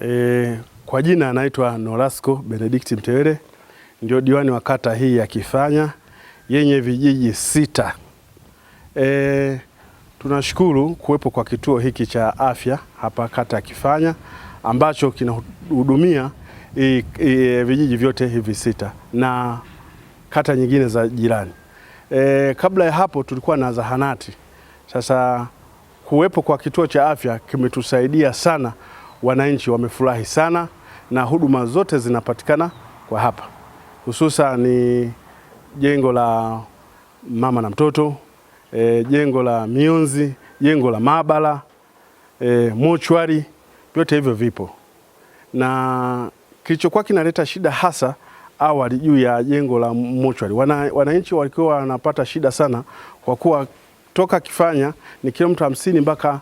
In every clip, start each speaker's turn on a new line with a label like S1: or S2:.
S1: E, kwa jina anaitwa Norasco Benedict Mtewele, ndio diwani wa kata hii ya Kifanya yenye vijiji sita. E, tunashukuru kuwepo kwa kituo hiki cha afya hapa kata ya Kifanya ambacho kinahudumia vijiji vyote hivi sita na kata nyingine za jirani. E, kabla ya hapo tulikuwa na zahanati. Sasa kuwepo kwa kituo cha afya kimetusaidia sana wananchi wamefurahi sana na huduma zote zinapatikana kwa hapa, hususan ni jengo la mama na mtoto e, jengo la mionzi, jengo la maabara e, mochwari, vyote hivyo vipo. Na kilichokuwa kinaleta shida hasa awali juu ya jengo la mochwari, wananchi walikuwa wanapata shida sana kwa kuwa toka Kifanya ni kilomita hamsini mpaka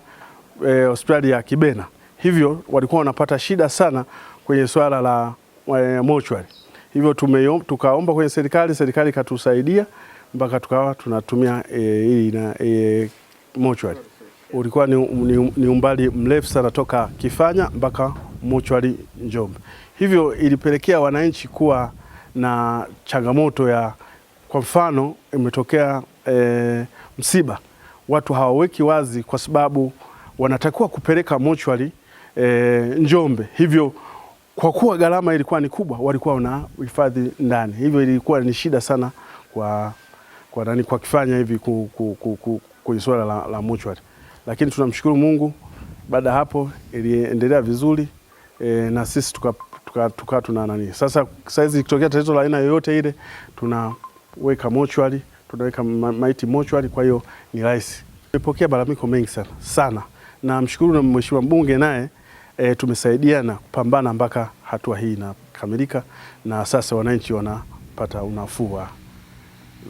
S1: e, hospitali e, ya Kibena hivyo walikuwa wanapata shida sana kwenye swala la eh, mochwari. Hivyo tumeyo, tukaomba kwenye serikali, serikali ikatusaidia mpaka tukawa tunatumia eh, hii e, e, eh, mochwari. Ulikuwa ni, ni, ni umbali mrefu sana toka Kifanya mpaka mochwari Njombe, hivyo ilipelekea wananchi kuwa na changamoto ya kwa mfano imetokea e, msiba, watu hawaweki wazi kwa sababu wanatakiwa kupeleka mochwari e, Njombe. Hivyo kwa kuwa gharama ilikuwa ni kubwa, walikuwa wana hifadhi ndani, hivyo ilikuwa ni shida sana kwa kwa nani kwa kifanya hivi ku, ku, ku, ku, ku, swala la, la muchwari, lakini tunamshukuru Mungu, baada hapo iliendelea vizuri e, na sisi tuka tuka, tuka tuna nani sasa, saizi ikitokea tatizo la aina yoyote ile, tunaweka mochwari, tunaweka maiti mochwari. Kwa hiyo ni rahisi. Nimepokea malalamiko mengi sana sana, na mshukuru na mheshimiwa mbunge naye e, tumesaidia na kupambana mpaka hatua hii inakamilika, na sasa wananchi wanapata unafuu wa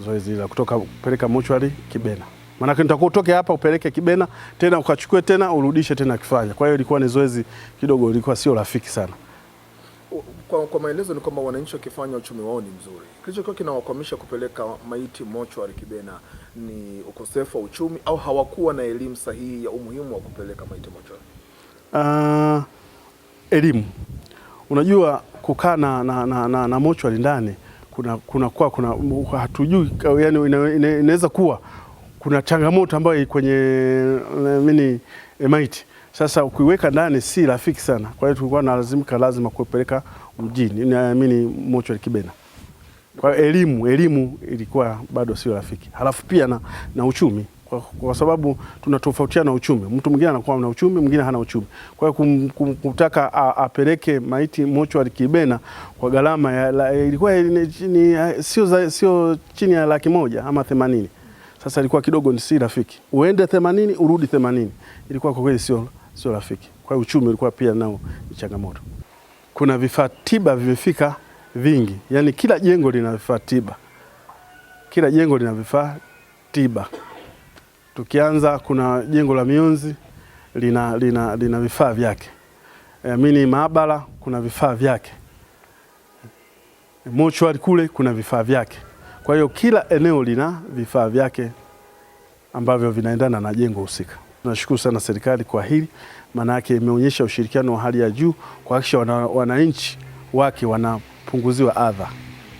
S1: zoezi la kutoka kupeleka mochwari Kibena. Maanake nitakuwa utoke hapa upeleke Kibena tena ukachukue tena urudishe tena kifanya. Kwa hiyo ilikuwa ni zoezi kidogo, ilikuwa sio rafiki sana.
S2: Kwa, kwa maelezo ni kwamba wananchi wakifanya uchumi wao ni mzuri. Kilichokuwa kinawakwamisha kupeleka maiti mochwari Kibena ni ukosefu wa uchumi au hawakuwa na elimu sahihi ya umuhimu wa kupeleka maiti mochwari.
S1: Uh, elimu. Unajua kukaa na, na, na, na, na mochwari ndani kuna, kuna, kwa, kuna hatujui yani, inaweza kuwa kuna changamoto ambayo kwenye mini eh, maiti sasa ukiweka ndani si rafiki sana. Kwa hiyo tulikuwa nalazimika lazima kupeleka mjini, naamini mochwali Kibena. Kwa elimu elimu ilikuwa bado sio rafiki, halafu pia na, na uchumi kwa, kwa sababu tunatofautiana uchumi. Mtu mwingine anakuwa na uchumi, mwingine hana uchumi. Kwa hiyo kum, kum, kutaka a, apeleke maiti mochwari Kibena kwa gharama ilikuwa sio sio chini ya laki moja ama themanini. Sasa ilikuwa kidogo ni si rafiki, uende themanini urudi themanini, ilikuwa kwa kweli sio sio rafiki. Kwa hiyo uchumi ulikuwa pia nao ni changamoto. Kuna vifaa tiba vimefika vingi, yani kila jengo lina vifaa tiba, kila jengo lina vifaa tiba. Tukianza kuna jengo la mionzi lina, lina, lina vifaa vyake e, eh, mini maabara kuna vifaa vyake e, mochwari kule kuna vifaa vyake. Kwa hiyo kila eneo lina vifaa vyake ambavyo vinaendana na jengo husika. tunashukuru sana serikali kwa hili, maana yake imeonyesha ushirikiano wa hali ya juu kuhakikisha wananchi wana wake wanapunguziwa adha.